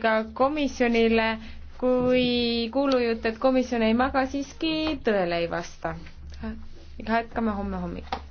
ka komisjonile, kui kuulujutt, et komisjon ei maga, siiski tõele ei vasta. jätkame homme hommikul.